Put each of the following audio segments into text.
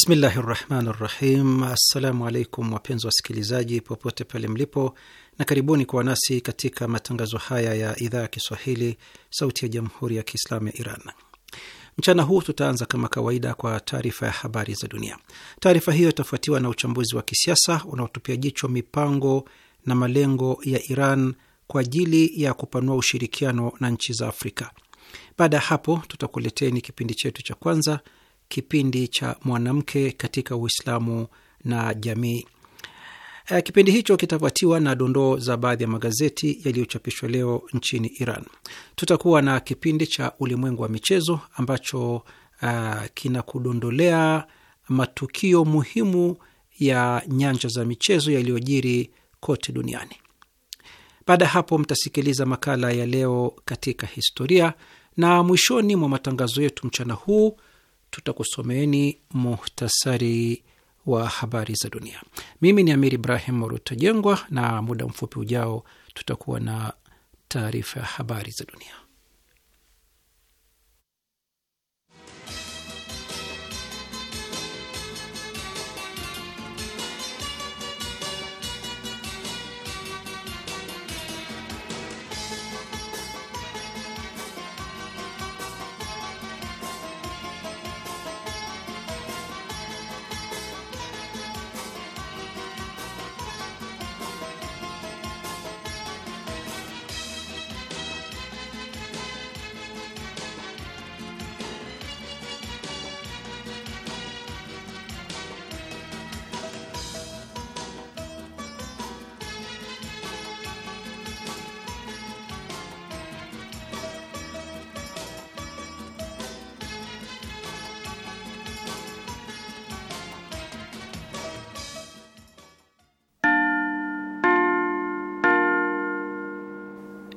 Bismillahi rahmani rahim. Assalamu alaikum wapenzi wasikilizaji popote pale mlipo, na karibuni kuwa nasi katika matangazo haya ya idhaa ya Kiswahili sauti ya jamhuri ya Kiislamu ya Iran. Mchana huu tutaanza kama kawaida kwa taarifa ya habari za dunia. Taarifa hiyo itafuatiwa na uchambuzi wa kisiasa unaotupia jicho mipango na malengo ya Iran kwa ajili ya kupanua ushirikiano na nchi za Afrika. Baada ya hapo, tutakuleteni kipindi chetu cha kwanza kipindi cha mwanamke katika Uislamu na jamii. Eh, kipindi hicho kitafuatiwa na dondoo za baadhi ya magazeti yaliyochapishwa leo nchini Iran. Tutakuwa na kipindi cha ulimwengu wa michezo ambacho uh, kinakudondolea matukio muhimu ya nyanja za michezo yaliyojiri kote duniani. Baada ya hapo, mtasikiliza makala ya leo katika historia, na mwishoni mwa matangazo yetu mchana huu tutakusomeeni muhtasari wa habari za dunia. Mimi ni Amir Ibrahim Rutajengwa, na muda mfupi ujao tutakuwa na taarifa ya habari za dunia.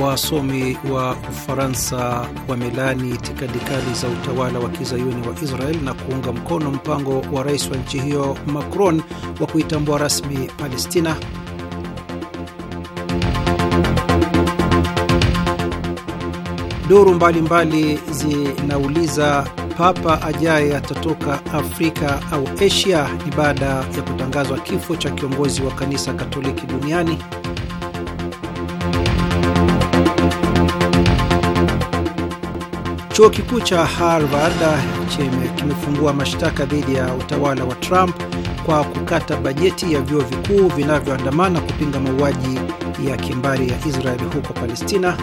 Wasomi wa Ufaransa wamelaani itikadi kali za utawala wa kizayuni wa Israel na kuunga mkono mpango wa rais wa nchi hiyo Macron wa kuitambua rasmi Palestina. Duru mbalimbali zinauliza papa ajaye atatoka Afrika au Asia? Ni baada ya kutangazwa kifo cha kiongozi wa kanisa Katoliki duniani. Chuo kikuu cha Harvard kimefungua mashtaka dhidi ya utawala wa Trump kwa kukata bajeti ya vyuo vikuu vinavyoandamana kupinga mauaji ya kimbari ya Israeli huko Palestina.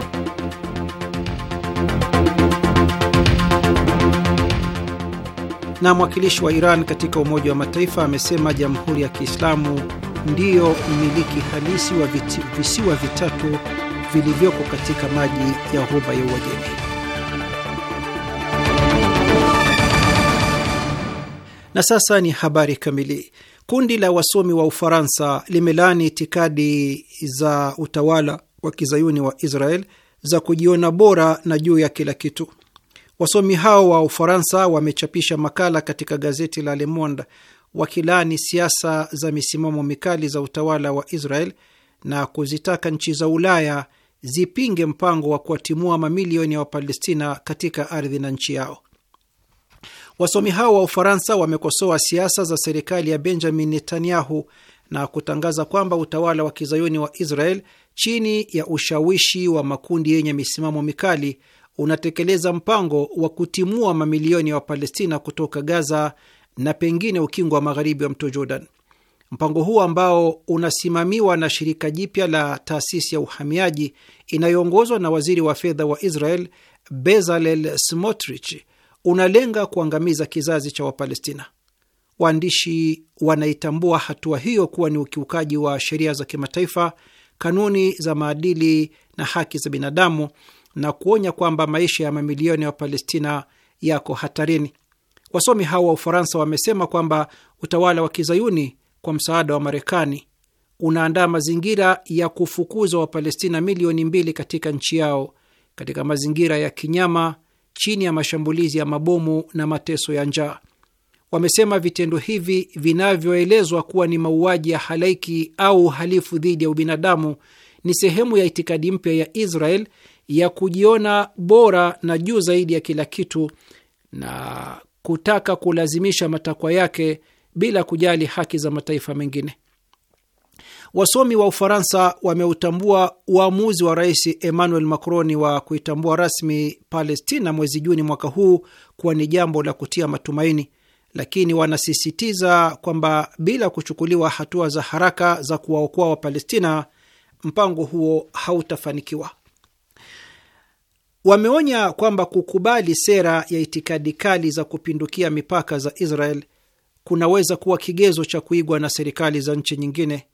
Na mwakilishi wa Iran katika Umoja wa Mataifa amesema Jamhuri ya Kiislamu ndiyo mmiliki halisi wa visiwa vitatu vilivyoko katika maji ya Ghuba ya Uajemi. Na sasa ni habari kamili. Kundi la wasomi wa Ufaransa limelaani itikadi za utawala wa kizayuni wa Israel za kujiona bora na juu ya kila kitu. Wasomi hao wa Ufaransa wamechapisha makala katika gazeti la Le Monde wakilaani siasa za misimamo mikali za utawala wa Israel na kuzitaka nchi za Ulaya zipinge mpango wa kuwatimua mamilioni ya Wapalestina katika ardhi na nchi yao. Wasomi hao wa Ufaransa wamekosoa siasa za serikali ya Benjamin Netanyahu na kutangaza kwamba utawala wa kizayuni wa Israel chini ya ushawishi wa makundi yenye misimamo mikali unatekeleza mpango wa kutimua mamilioni ya wa Wapalestina kutoka Gaza na pengine ukingo wa magharibi wa mto Jordan. Mpango huo ambao unasimamiwa na shirika jipya la taasisi ya uhamiaji inayoongozwa na waziri wa fedha wa Israel Bezalel Smotrich unalenga kuangamiza kizazi cha Wapalestina. Waandishi wanaitambua hatua hiyo kuwa ni ukiukaji wa sheria za kimataifa, kanuni za maadili na haki za binadamu, na kuonya kwamba maisha ya mamilioni ya Wapalestina yako hatarini. Wasomi hao wa Ufaransa wamesema kwamba utawala wa kizayuni kwa msaada wa Marekani unaandaa mazingira ya kufukuza Wapalestina milioni mbili katika nchi yao katika mazingira ya kinyama chini ya mashambulizi ya mabomu na mateso ya njaa. Wamesema vitendo hivi vinavyoelezwa kuwa ni mauaji ya halaiki au uhalifu dhidi ya ubinadamu ni sehemu ya itikadi mpya ya Israel ya kujiona bora na juu zaidi ya kila kitu na kutaka kulazimisha matakwa yake bila kujali haki za mataifa mengine. Wasomi wa Ufaransa wameutambua uamuzi wa Rais Emmanuel Macron wa kuitambua rasmi Palestina mwezi Juni mwaka huu kuwa ni jambo la kutia matumaini, lakini wanasisitiza kwamba bila kuchukuliwa hatua za haraka za kuwaokoa Wapalestina, mpango huo hautafanikiwa. Wameonya kwamba kukubali sera ya itikadi kali za kupindukia mipaka za Israel kunaweza kuwa kigezo cha kuigwa na serikali za nchi nyingine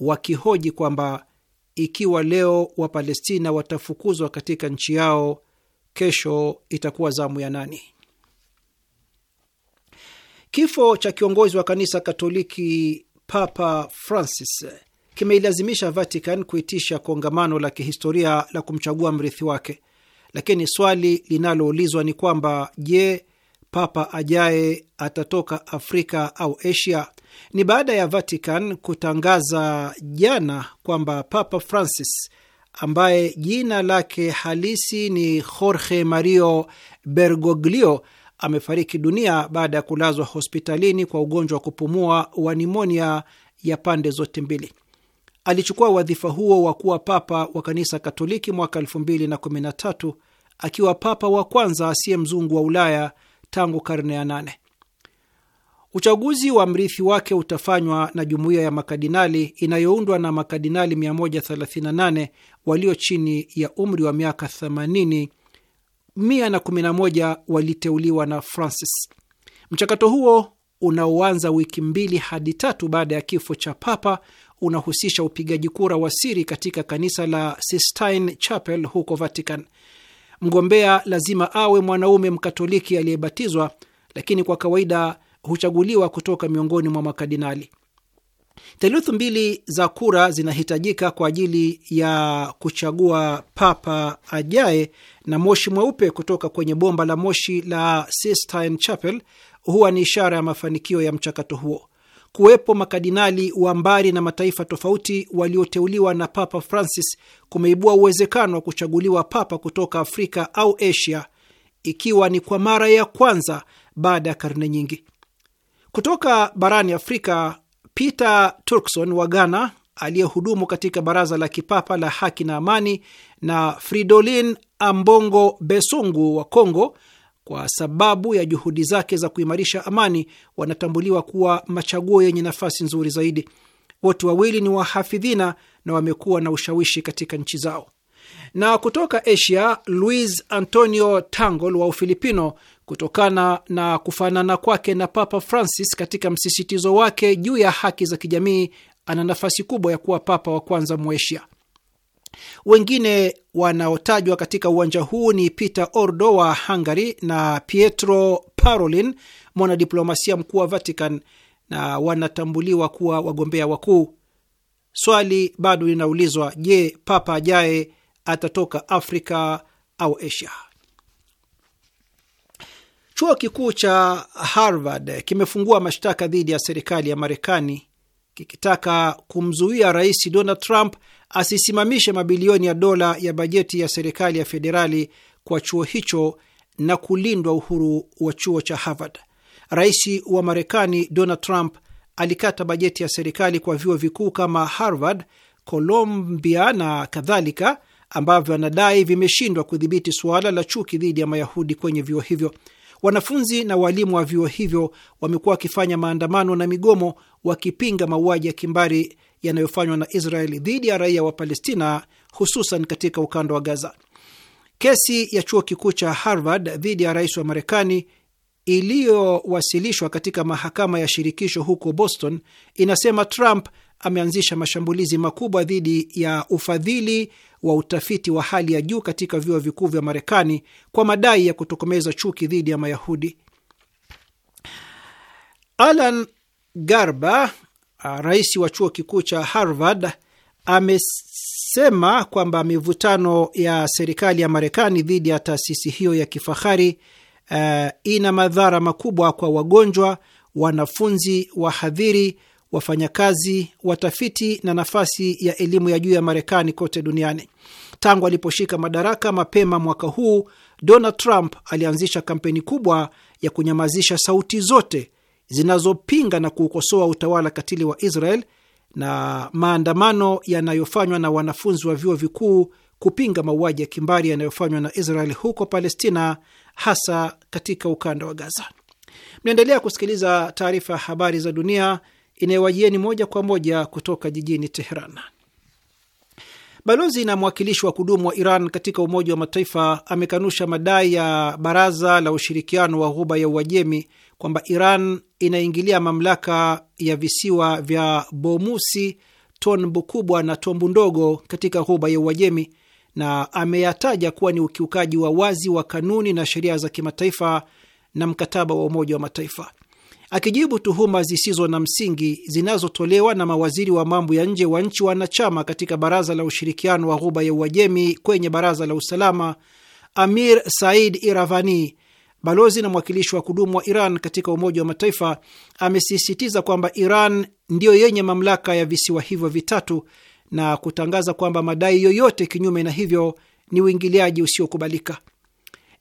wakihoji kwamba ikiwa leo Wapalestina watafukuzwa katika nchi yao, kesho itakuwa zamu ya nani? Kifo cha kiongozi wa kanisa Katoliki Papa Francis kimeilazimisha Vatican kuitisha kongamano la kihistoria la kumchagua mrithi wake, lakini swali linaloulizwa ni kwamba je, papa ajaye atatoka Afrika au Asia. Ni baada ya Vatican kutangaza jana kwamba Papa Francis ambaye jina lake halisi ni Jorge Mario Bergoglio amefariki dunia baada ya kulazwa hospitalini kwa ugonjwa wa kupumua wa nimonia ya pande zote mbili. Alichukua wadhifa huo wa kuwa papa wa kanisa Katoliki mwaka 2013 akiwa papa wa kwanza asiye mzungu wa Ulaya tangu karne ya nane. Uchaguzi wa mrithi wake utafanywa na jumuiya ya makadinali inayoundwa na makadinali 138 walio chini ya umri wa miaka 80. 111 waliteuliwa na Francis. Mchakato huo unaoanza wiki mbili hadi tatu baada ya kifo cha papa unahusisha upigaji kura wa siri katika kanisa la Sistine Chapel huko Vatican. Mgombea lazima awe mwanaume Mkatoliki aliyebatizwa, lakini kwa kawaida huchaguliwa kutoka miongoni mwa makardinali. Theluthi mbili za kura zinahitajika kwa ajili ya kuchagua papa ajaye, na moshi mweupe kutoka kwenye bomba la moshi la Sistine Chapel huwa ni ishara ya mafanikio ya mchakato huo. Kuwepo makadinali wa mbari na mataifa tofauti walioteuliwa na Papa Francis kumeibua uwezekano wa kuchaguliwa papa kutoka Afrika au Asia, ikiwa ni kwa mara ya kwanza baada ya karne nyingi. Kutoka barani Afrika, Peter Turkson wa Ghana aliyehudumu katika Baraza la Kipapa la Haki na Amani na Fridolin Ambongo Besungu wa congo kwa sababu ya juhudi zake za kuimarisha amani, wanatambuliwa kuwa machaguo yenye nafasi nzuri zaidi. Wote wawili ni wahafidhina na wamekuwa na ushawishi katika nchi zao. Na kutoka Asia, Luis Antonio Tangol wa Ufilipino, kutokana na kufanana kwake na Papa Francis katika msisitizo wake juu ya haki za kijamii, ana nafasi kubwa ya kuwa papa wa kwanza Mwasia. Wengine wanaotajwa katika uwanja huu ni Peter Ordo wa Hungary na Pietro Parolin, mwanadiplomasia mkuu wa Vatican, na wanatambuliwa kuwa wagombea wakuu. Swali bado linaulizwa: je, papa ajaye atatoka Afrika au Asia? Chuo kikuu cha Harvard kimefungua mashtaka dhidi ya serikali ya Marekani kikitaka kumzuia Rais Donald Trump asisimamishe mabilioni ya dola ya bajeti ya serikali ya federali kwa chuo hicho na kulindwa uhuru wa chuo cha Harvard. Rais wa Marekani Donald Trump alikata bajeti ya serikali kwa vyuo vikuu kama Harvard, Columbia na kadhalika ambavyo anadai vimeshindwa kudhibiti suala la chuki dhidi ya Mayahudi kwenye vyuo hivyo. Wanafunzi na walimu wa vyuo hivyo wamekuwa wakifanya maandamano na migomo wakipinga mauaji ya kimbari yanayofanywa na Israeli dhidi ya raia wa Palestina, hususan katika ukanda wa Gaza. Kesi ya chuo kikuu cha Harvard dhidi ya rais wa Marekani iliyowasilishwa katika mahakama ya shirikisho huko Boston inasema Trump ameanzisha mashambulizi makubwa dhidi ya ufadhili wa utafiti wa hali ya juu katika vyuo vikuu vya Marekani kwa madai ya kutokomeza chuki dhidi ya Mayahudi. Alan Garba, Ah, rais wa chuo kikuu cha Harvard amesema kwamba mivutano ya serikali ya Marekani dhidi ya taasisi hiyo ya kifahari uh, ina madhara makubwa kwa wagonjwa, wanafunzi, wahadhiri, wafanyakazi, watafiti na nafasi ya elimu ya juu ya Marekani kote duniani. Tangu aliposhika madaraka mapema mwaka huu, Donald Trump alianzisha kampeni kubwa ya kunyamazisha sauti zote zinazopinga na kuukosoa utawala katili wa Israel na maandamano yanayofanywa na wanafunzi wa vyuo vikuu kupinga mauaji ya kimbari yanayofanywa na Israel huko Palestina, hasa katika ukanda wa Gaza. Mnaendelea kusikiliza taarifa ya habari za dunia inayowajieni moja kwa moja kutoka jijini Teheran. Balozi na mwakilishi wa kudumu wa Iran katika Umoja wa Mataifa amekanusha madai ya Baraza la Ushirikiano wa Ghuba ya Uajemi kwamba Iran inaingilia mamlaka ya visiwa vya Bomusi, Tonbu kubwa na Tombu ndogo katika ghuba ya Uajemi, na ameyataja kuwa ni ukiukaji wa wazi wa kanuni na sheria za kimataifa na mkataba wa Umoja wa Mataifa. Akijibu tuhuma zisizo na msingi zinazotolewa na mawaziri wa mambo ya nje wa nchi wanachama katika Baraza la Ushirikiano wa Ghuba ya Uajemi kwenye Baraza la Usalama, Amir Said Iravani Balozi na mwakilishi wa kudumu wa Iran katika Umoja wa Mataifa amesisitiza kwamba Iran ndiyo yenye mamlaka ya visiwa hivyo vitatu na kutangaza kwamba madai yoyote kinyume na hivyo ni uingiliaji usiokubalika.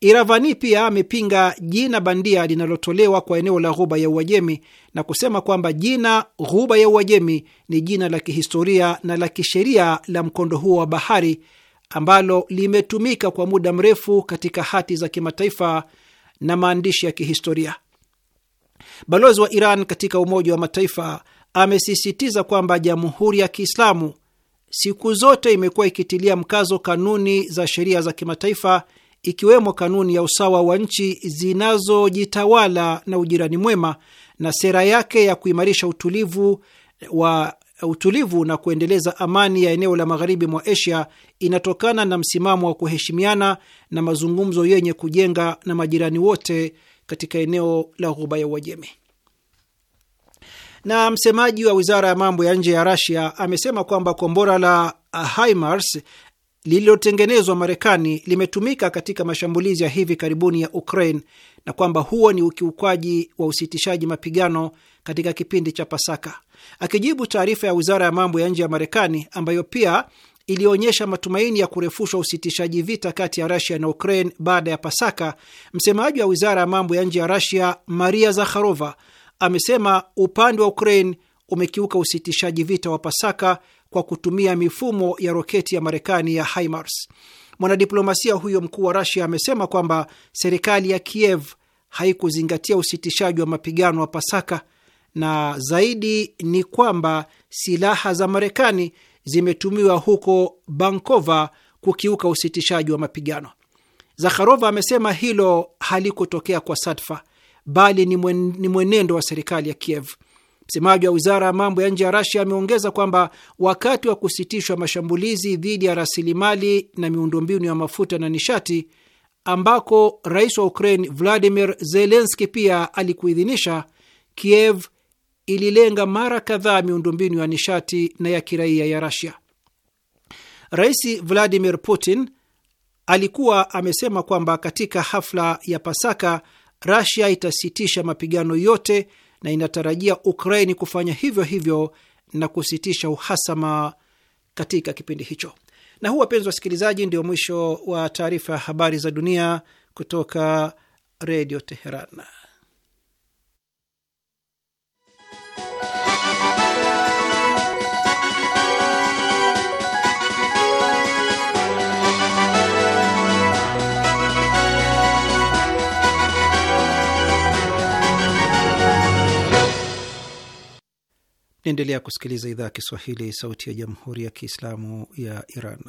Iravani pia amepinga jina bandia linalotolewa kwa eneo la Ghuba ya Uajemi na kusema kwamba jina Ghuba ya Uajemi ni jina la kihistoria na la kisheria la mkondo huo wa bahari ambalo limetumika kwa muda mrefu katika hati za kimataifa na maandishi ya kihistoria. Balozi wa Iran katika Umoja wa Mataifa amesisitiza kwamba Jamhuri ya Kiislamu siku zote imekuwa ikitilia mkazo kanuni za sheria za kimataifa, ikiwemo kanuni ya usawa wa nchi zinazojitawala na ujirani mwema na sera yake ya kuimarisha utulivu wa utulivu na kuendeleza amani ya eneo la magharibi mwa Asia inatokana na msimamo wa kuheshimiana na mazungumzo yenye kujenga na majirani wote katika eneo la Ghuba ya Uajemi. Na msemaji wa wizara ya mambo ya nje ya Rasia amesema kwamba kombora la HIMARS lililotengenezwa Marekani limetumika katika mashambulizi ya hivi karibuni ya Ukraine na kwamba huo ni ukiukwaji wa usitishaji mapigano katika kipindi cha Pasaka akijibu taarifa ya wizara ya mambo ya nje ya Marekani ambayo pia ilionyesha matumaini ya kurefushwa usitishaji vita kati ya Rasia na Ukraine baada ya Pasaka, msemaji wa wizara ya mambo ya nje ya Rasia Maria Zakharova amesema upande wa Ukraine umekiuka usitishaji vita wa Pasaka kwa kutumia mifumo ya roketi ya Marekani ya HIMARS. Mwanadiplomasia huyo mkuu wa Rasia amesema kwamba serikali ya Kiev haikuzingatia usitishaji wa mapigano wa Pasaka na zaidi ni kwamba silaha za Marekani zimetumiwa huko bankova kukiuka usitishaji wa mapigano. Zakharova amesema hilo halikutokea kwa sadfa, bali ni mwenendo wa serikali ya Kiev. Msemaji wa wizara ya mambo ya nje ya Rasia ameongeza kwamba wakati wa kusitishwa mashambulizi dhidi ya rasilimali na miundombinu ya mafuta na nishati, ambako rais wa Ukraine Vladimir Zelenski pia alikuidhinisha, Kiev ililenga mara kadhaa miundombinu ya nishati na ya kiraia ya Rasia. Rais Vladimir Putin alikuwa amesema kwamba katika hafla ya Pasaka Rasia itasitisha mapigano yote na inatarajia Ukraini kufanya hivyo hivyo na kusitisha uhasama katika kipindi hicho. Na huu, wapenzi wasikilizaji, ndio mwisho wa taarifa ya habari za dunia kutoka Redio Teheran. Naendelea kusikiliza idhaa ya Kiswahili, sauti ya jamhuri ya kiislamu ya Iran.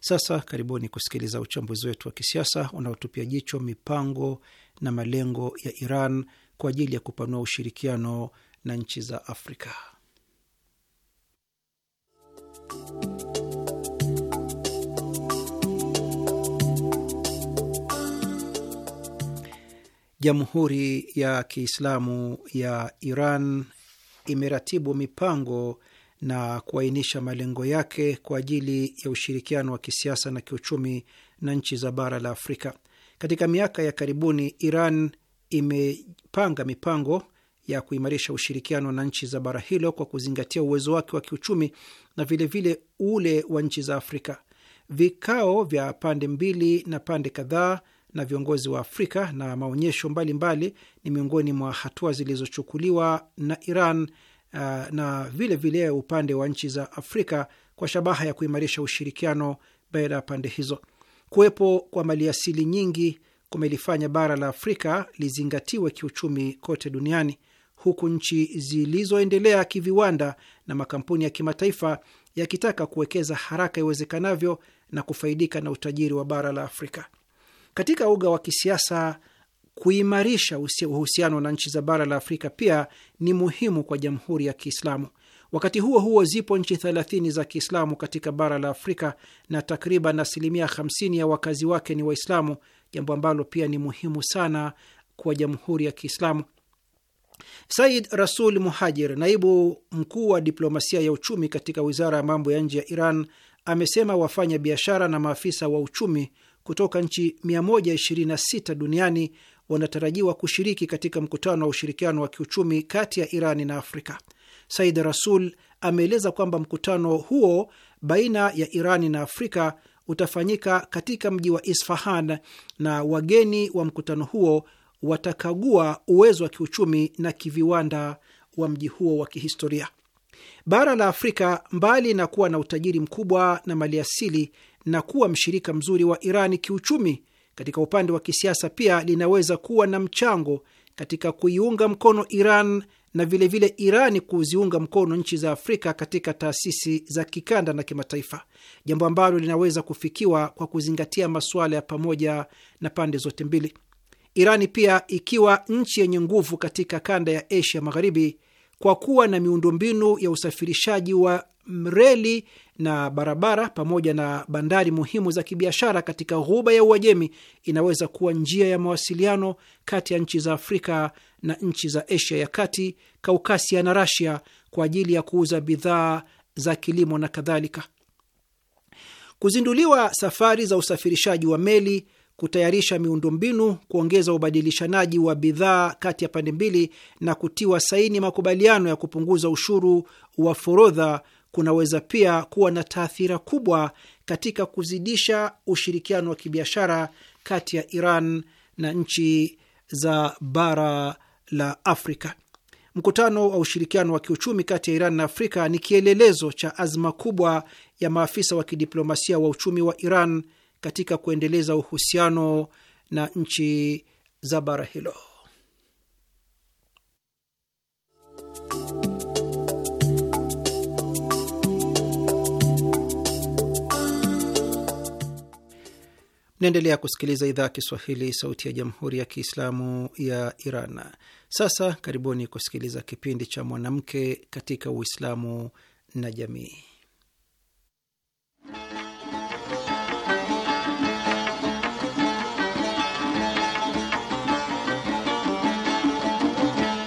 Sasa karibuni kusikiliza uchambuzi wetu wa kisiasa unaotupia jicho mipango na malengo ya Iran kwa ajili ya kupanua ushirikiano na nchi za Afrika. Jamhuri ya Kiislamu ya Iran imeratibu mipango na kuainisha malengo yake kwa ajili ya ushirikiano wa kisiasa na kiuchumi na nchi za bara la Afrika. Katika miaka ya karibuni, Iran imepanga mipango ya kuimarisha ushirikiano na nchi za bara hilo kwa kuzingatia uwezo wake wa kiuchumi na vilevile vile ule wa nchi za Afrika. Vikao vya pande mbili na pande kadhaa na viongozi wa Afrika na maonyesho mbalimbali mbali, ni miongoni mwa hatua zilizochukuliwa na Iran uh, na vilevile vile upande wa nchi za Afrika kwa shabaha ya kuimarisha ushirikiano baina ya pande hizo. Kuwepo kwa maliasili nyingi kumelifanya bara la Afrika lizingatiwe kiuchumi kote duniani huku nchi zilizoendelea kiviwanda na makampuni ya kimataifa yakitaka kuwekeza haraka iwezekanavyo na kufaidika na utajiri wa bara la Afrika. Katika uga wa kisiasa, kuimarisha uhusiano na nchi za bara la Afrika pia ni muhimu kwa Jamhuri ya Kiislamu. Wakati huo huo, zipo nchi thelathini za Kiislamu katika bara la Afrika na takriban asilimia 50 ya wakazi wake ni Waislamu, jambo ambalo pia ni muhimu sana kwa Jamhuri ya Kiislamu. Said Rasul Muhajir, naibu mkuu wa diplomasia ya uchumi katika wizara ya mambo ya nje ya Iran, amesema wafanya biashara na maafisa wa uchumi kutoka nchi 126 duniani wanatarajiwa kushiriki katika mkutano wa ushirikiano wa kiuchumi kati ya Irani na Afrika. Said Rasul ameeleza kwamba mkutano huo baina ya Irani na Afrika utafanyika katika mji wa Isfahan na wageni wa mkutano huo watakagua uwezo wa kiuchumi na kiviwanda wa mji huo wa kihistoria. Bara la Afrika, mbali na kuwa na utajiri mkubwa na maliasili, na kuwa mshirika mzuri wa Iran kiuchumi, katika upande wa kisiasa pia linaweza kuwa na mchango katika kuiunga mkono Iran na vilevile vile Irani kuziunga mkono nchi za Afrika katika taasisi za kikanda na kimataifa, jambo ambalo linaweza kufikiwa kwa kuzingatia masuala ya pamoja na pande zote mbili. Irani pia ikiwa nchi yenye nguvu katika kanda ya Asia Magharibi kwa kuwa na miundombinu ya usafirishaji wa reli na barabara pamoja na bandari muhimu za kibiashara katika ghuba ya Uajemi inaweza kuwa njia ya mawasiliano kati ya nchi za Afrika na nchi za Asia ya Kati, Kaukasia na Rasia kwa ajili ya kuuza bidhaa za kilimo na kadhalika. Kuzinduliwa safari za usafirishaji wa meli, kutayarisha miundombinu, kuongeza ubadilishanaji wa bidhaa kati ya pande mbili na kutiwa saini makubaliano ya kupunguza ushuru wa forodha kunaweza pia kuwa na taathira kubwa katika kuzidisha ushirikiano wa kibiashara kati ya Iran na nchi za bara la Afrika. Mkutano wa ushirikiano wa kiuchumi kati ya Iran na Afrika ni kielelezo cha azma kubwa ya maafisa wa kidiplomasia wa uchumi wa Iran katika kuendeleza uhusiano na nchi za bara hilo. Mnaendelea kusikiliza idhaa ya Kiswahili, sauti ya jamhuri ya kiislamu ya Iran. Sasa karibuni kusikiliza kipindi cha mwanamke katika Uislamu na jamii.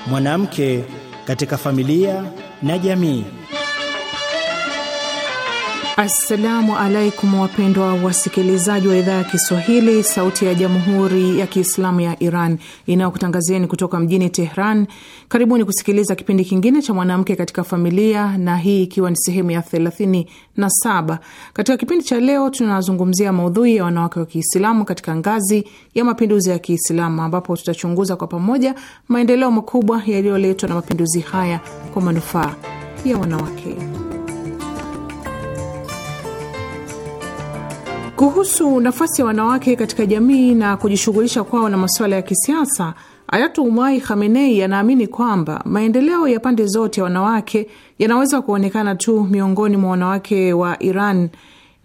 Mwanamke katika familia na jamii. Assalamu alaikum wapendwa wasikilizaji wa idhaa ya Kiswahili, sauti ya jamhuri ya kiislamu ya Iran inayokutangazieni kutoka mjini Tehran. Karibuni kusikiliza kipindi kingine cha mwanamke katika familia, na hii ikiwa ni sehemu ya thelathini na saba. Katika kipindi cha leo tunazungumzia maudhui ya wanawake wa Kiislamu katika ngazi ya mapinduzi ya Kiislamu, ambapo tutachunguza kwa pamoja maendeleo makubwa yaliyoletwa na mapinduzi haya kwa manufaa ya wanawake. Kuhusu nafasi ya wanawake katika jamii na kujishughulisha kwao na masuala ya kisiasa, Ayatullah Khamenei anaamini kwamba maendeleo ya pande zote ya wanawake yanaweza kuonekana tu miongoni mwa wanawake wa Iran,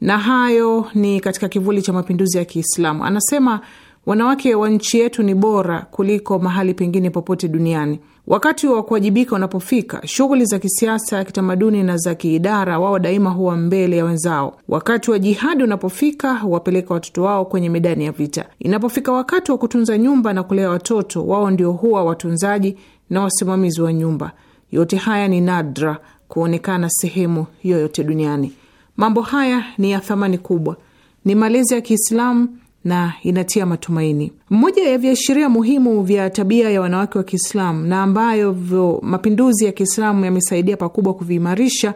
na hayo ni katika kivuli cha mapinduzi ya Kiislamu. Anasema wanawake wa nchi yetu ni bora kuliko mahali pengine popote duniani. Wakati wa kuwajibika unapofika, shughuli za kisiasa, kitamaduni na za kiidara, wao daima huwa mbele ya wenzao. Wakati wa jihadi unapofika, huwapeleka watoto wao kwenye medani ya vita. Inapofika wakati wa kutunza nyumba na kulea watoto, wao ndio huwa watunzaji na wasimamizi wa nyumba. Yote haya ni nadra kuonekana sehemu yoyote duniani. Mambo haya ni ya thamani kubwa, ni malezi ya Kiislamu na inatia matumaini. Mmoja ya viashiria muhimu vya tabia ya wanawake wa Kiislamu na ambayo mapinduzi ya Kiislamu yamesaidia pakubwa kuviimarisha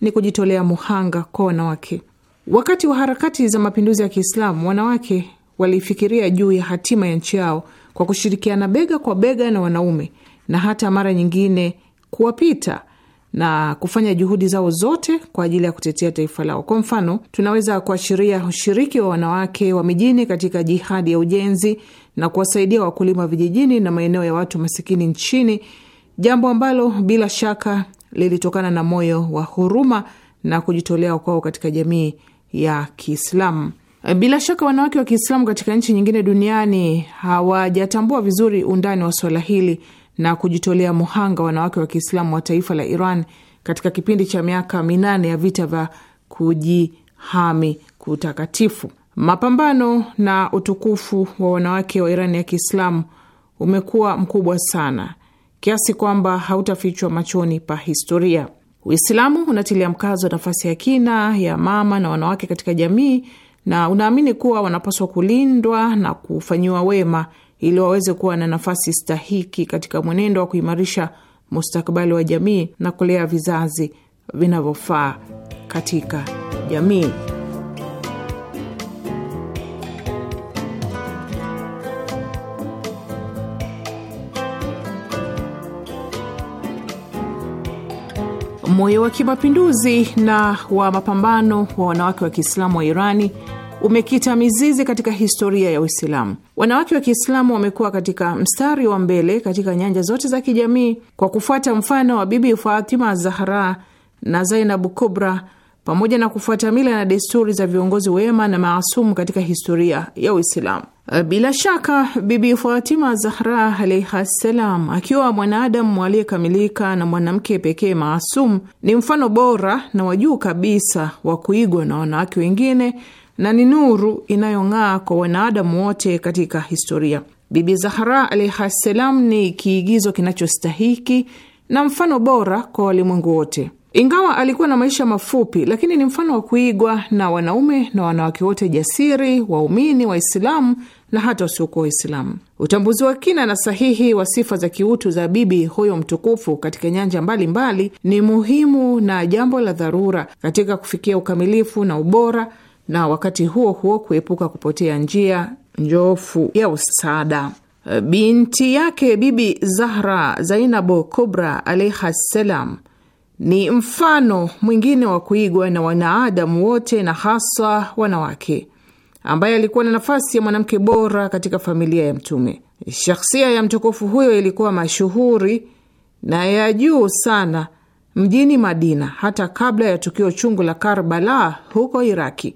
ni kujitolea muhanga kwa wanawake. Wakati wa harakati za mapinduzi ya Kiislamu, wanawake walifikiria juu ya hatima ya nchi yao kwa kushirikiana bega kwa bega na wanaume na hata mara nyingine kuwapita na kufanya juhudi zao zote kwa ajili ya kutetea taifa lao. Kwa mfano, tunaweza kuashiria ushiriki wa wanawake wa mijini katika jihadi ya ujenzi na kuwasaidia wakulima vijijini na maeneo ya watu masikini nchini, jambo ambalo bila shaka lilitokana na moyo wa huruma na kujitolea kwao katika jamii ya Kiislamu. Bila shaka wanawake wa Kiislamu katika nchi nyingine duniani hawajatambua vizuri undani wa swala hili na kujitolea muhanga wanawake wa Kiislamu wa taifa la Iran katika kipindi cha miaka minane ya vita vya kujihami kutakatifu. Mapambano na utukufu wa wanawake wa Iran ya Kiislamu umekuwa mkubwa sana kiasi kwamba hautafichwa machoni pa historia. Uislamu unatilia mkazo nafasi ya kina ya mama na wanawake katika jamii na unaamini kuwa wanapaswa kulindwa na kufanyiwa wema ili waweze kuwa na nafasi stahiki katika mwenendo wa kuimarisha mustakabali wa jamii na kulea vizazi vinavyofaa katika jamii. Moyo wa kimapinduzi na wa mapambano wa wanawake wa Kiislamu wa Irani umekita mizizi katika historia ya Uislamu Wanawake wa Kiislamu wamekuwa katika mstari wa mbele katika nyanja zote za kijamii kwa kufuata mfano wa Bibi Fatima Zahra na Zainabu Kubra, pamoja na kufuata mila na desturi za viongozi wema na maasumu katika historia ya Uislamu. Bila shaka Bibi Fatima Zahra alaihi salam, akiwa mwanadamu aliyekamilika na mwanamke pekee maasum, ni mfano bora na wa juu kabisa wa kuigwa na wanawake wengine na ni nuru inayong'aa kwa wanadamu wote katika historia. Bibi Zahra alaihi salam ni kiigizo kinachostahiki na mfano bora kwa walimwengu wote. Ingawa alikuwa na maisha mafupi, lakini ni mfano wa kuigwa na wanaume na wanawake wote jasiri, waumini, Waislamu na hata wasiokuwa Waislamu. Utambuzi wa kina na sahihi wa sifa za kiutu za bibi huyo mtukufu katika nyanja mbalimbali mbali, ni muhimu na jambo la dharura katika kufikia ukamilifu na ubora na wakati huo huo kuepuka kupotea njia njofu ya usada. Eh, binti yake Bibi Zahra Zainabu Kubra alaiha ssalam ni mfano mwingine wa kuigwa na wanaadamu wote na haswa wanawake, ambaye alikuwa na nafasi ya mwanamke bora katika familia ya Mtume. Shakhsia ya mtukufu huyo ilikuwa mashuhuri na ya juu sana mjini Madina hata kabla ya tukio chungu la Karbala huko Iraki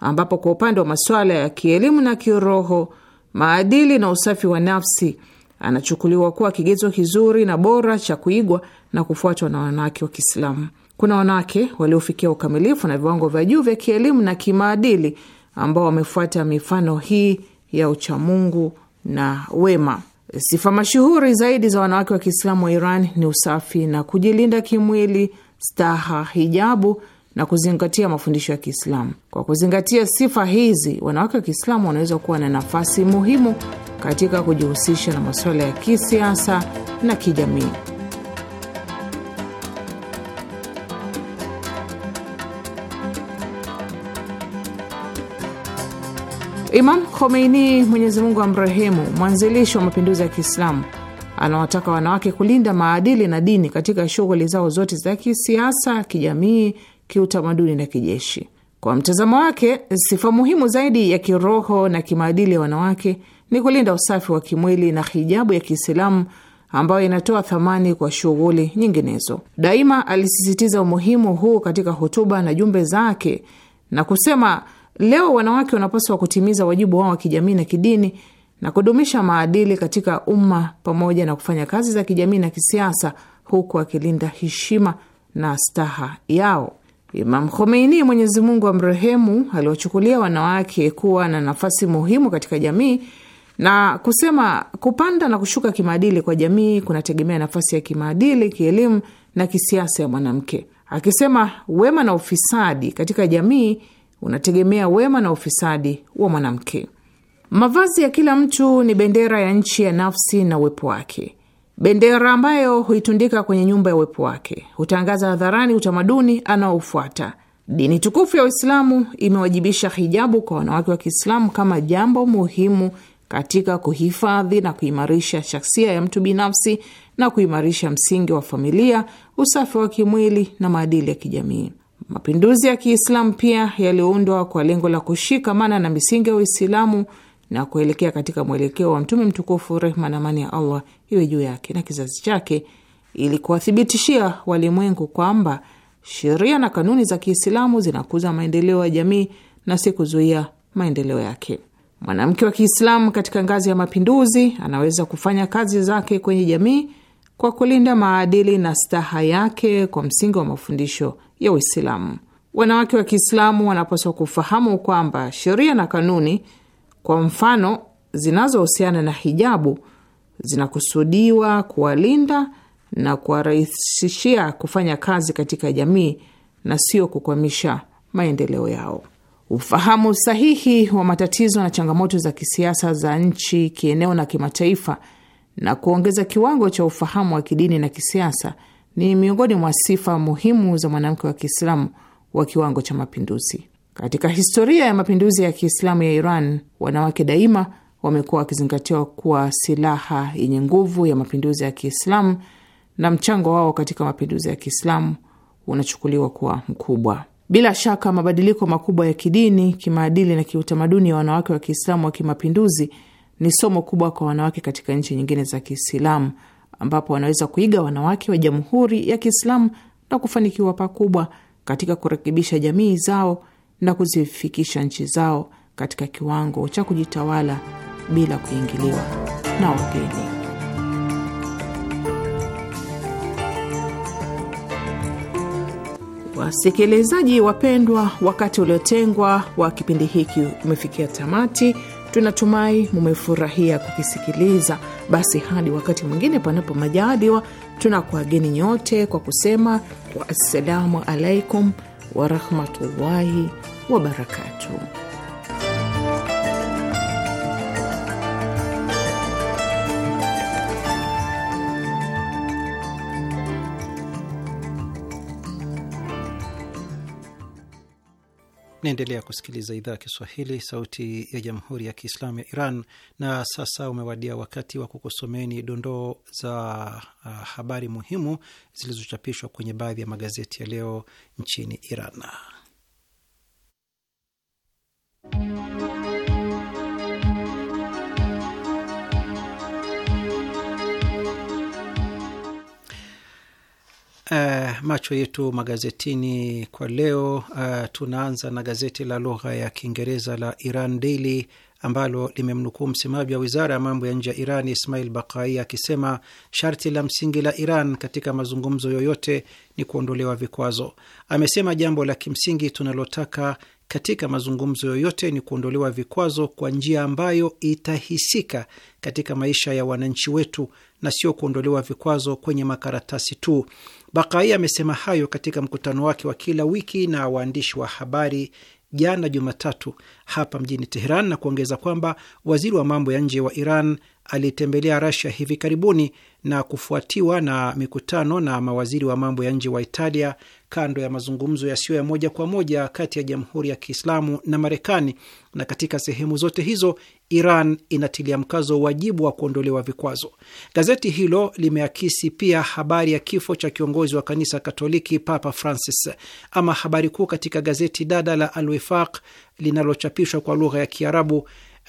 ambapo kwa upande wa masuala ya kielimu na kiroho, maadili na usafi wa nafsi, anachukuliwa kuwa kigezo kizuri na bora cha kuigwa na kufuatwa na wanawake wa Kiislamu. Kuna wanawake waliofikia ukamilifu na viwango vya juu vya kielimu na kimaadili ambao wamefuata mifano hii ya uchamungu na wema. Sifa mashuhuri zaidi za wanawake wa Kiislamu wa Iran ni usafi na kujilinda kimwili, staha, hijabu na kuzingatia mafundisho ya Kiislamu. Kwa kuzingatia sifa hizi, wanawake wa Kiislamu wanaweza kuwa na nafasi muhimu katika kujihusisha na masuala ya kisiasa na kijamii. Imam Khomeini, Mwenyezi Mungu amrehemu, mwanzilishi wa mapinduzi ya Kiislamu, anawataka wanawake kulinda maadili na dini katika shughuli zao zote za kisiasa, kijamii, kiutamaduni na kijeshi. Kwa mtazamo wake, sifa muhimu zaidi ya kiroho na kimaadili ya wanawake ni kulinda usafi wa kimwili na hijabu ya Kiislamu ambayo inatoa thamani kwa shughuli nyinginezo. Daima alisisitiza umuhimu huu katika hotuba na jumbe zake na kusema, leo wanawake wanapaswa kutimiza wajibu wao wa kijamii na kidini na kudumisha maadili katika umma pamoja na kufanya kazi za kijamii na kisiasa, huku akilinda heshima na staha yao. Imam Khomeini, Mwenyezi Mungu amrehemu, aliwachukulia wanawake kuwa na nafasi muhimu katika jamii na kusema kupanda na kushuka kimaadili kwa jamii kunategemea nafasi ya kimaadili, kielimu na kisiasa ya mwanamke, akisema wema na ufisadi katika jamii unategemea wema na ufisadi wa mwanamke. Mavazi ya kila mtu ni bendera ya nchi ya nafsi na uwepo wake bendera ambayo huitundika kwenye nyumba ya uwepo wake, hutangaza hadharani utamaduni anaoufuata. Dini tukufu ya Uislamu imewajibisha hijabu kwa wanawake wa Kiislamu kama jambo muhimu katika kuhifadhi na kuimarisha shaksia ya mtu binafsi na kuimarisha msingi wa familia, usafi wa kimwili na maadili ya kijamii. Mapinduzi ya Kiislamu pia yaliyoundwa kwa lengo la kushikamana na misingi ya Uislamu na kuelekea katika mwelekeo wa mtume mtukufu, rehma na amani ya Allah iwe juu yake na kizazi chake, ili kuwathibitishia walimwengu kwamba sheria na kanuni za Kiislamu zinakuza maendeleo ya jamii na si kuzuia maendeleo yake. Mwanamke wa Kiislamu katika ngazi ya mapinduzi anaweza kufanya kazi zake kwenye jamii kwa kulinda maadili na staha yake kwa msingi wa mafundisho ya Uislamu. Wanawake wa Kiislamu wanapaswa kufahamu kwamba sheria na kanuni kwa mfano, zinazohusiana na hijabu zinakusudiwa kuwalinda na kuwarahisishia kufanya kazi katika jamii na sio kukwamisha maendeleo yao. Ufahamu sahihi wa matatizo na changamoto za kisiasa za nchi, kieneo na kimataifa na kuongeza kiwango cha ufahamu wa kidini na kisiasa ni miongoni mwa sifa muhimu za mwanamke wa Kiislamu wa kiwango cha mapinduzi. Katika historia ya mapinduzi ya Kiislamu ya Iran, wanawake daima wamekuwa wakizingatiwa kuwa silaha yenye nguvu ya mapinduzi ya Kiislamu, na mchango wao katika mapinduzi ya Kiislamu unachukuliwa kuwa mkubwa. Bila shaka mabadiliko makubwa ya kidini, kimaadili na kiutamaduni ya wanawake wa Kiislamu wa kimapinduzi ni somo kubwa kwa wanawake katika nchi nyingine za Kiislamu, ambapo wanaweza kuiga wanawake wa Jamhuri ya Kiislamu na kufanikiwa pakubwa katika kurekebisha jamii zao na kuzifikisha nchi zao katika kiwango cha kujitawala bila kuingiliwa na wageni. Wasikilizaji wapendwa, wakati uliotengwa wa kipindi hiki umefikia tamati. Tunatumai mumefurahia kukisikiliza. Basi hadi wakati mwingine, panapo majaliwa, tunakuageni nyote kwa kusema wassalamu alaikum warahmatullahi wabarakatuh. Naendelea kusikiliza idhaa ya Kiswahili, sauti ya jamhuri ya kiislamu ya Iran. Na sasa umewadia wakati wa kukusomeni dondoo za uh, habari muhimu zilizochapishwa kwenye baadhi ya magazeti ya leo nchini Iran. Uh, macho yetu magazetini kwa leo uh, tunaanza na gazeti la lugha ya Kiingereza la Iran Daily ambalo limemnukuu msemaji wa wizara ya mambo ya nje ya Iran Ismail Bakai akisema sharti la msingi la Iran katika mazungumzo yoyote ni kuondolewa vikwazo. Amesema jambo la kimsingi tunalotaka katika mazungumzo yoyote ni kuondolewa vikwazo kwa njia ambayo itahisika katika maisha ya wananchi wetu na sio kuondolewa vikwazo kwenye makaratasi tu. Bakai amesema hayo katika mkutano wake wa kila wiki na waandishi wa habari jana Jumatatu hapa mjini Teheran na kuongeza kwamba waziri wa mambo ya nje wa Iran alitembelea Rasia hivi karibuni na kufuatiwa na mikutano na mawaziri wa mambo ya nje wa Italia kando ya mazungumzo yasiyo ya moja kwa moja kati ya Jamhuri ya Kiislamu na Marekani, na katika sehemu zote hizo Iran inatilia mkazo wajibu wa kuondolewa vikwazo. Gazeti hilo limeakisi pia habari ya kifo cha kiongozi wa kanisa Katoliki Papa Francis. Ama habari kuu katika gazeti dada la Al Wifaq linalochapishwa kwa lugha ya Kiarabu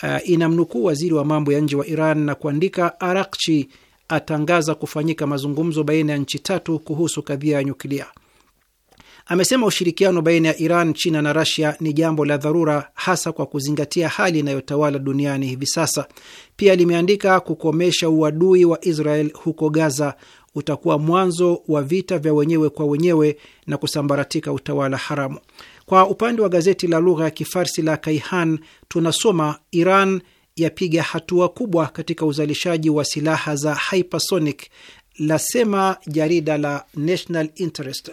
uh, inamnukuu waziri wa mambo ya nje wa Iran na kuandika, Arakchi atangaza kufanyika mazungumzo baina ya nchi tatu kuhusu kadhia ya nyuklia. Amesema ushirikiano baina ya Iran, China na Rasia ni jambo la dharura, hasa kwa kuzingatia hali inayotawala duniani hivi sasa. Pia limeandika kukomesha uadui wa Israel huko Gaza utakuwa mwanzo wa vita vya wenyewe kwa wenyewe na kusambaratika utawala haramu. Kwa upande wa gazeti la lugha ya Kifarsi la Kaihan tunasoma Iran yapiga hatua kubwa katika uzalishaji wa silaha za hypersonic, lasema jarida la National Interest.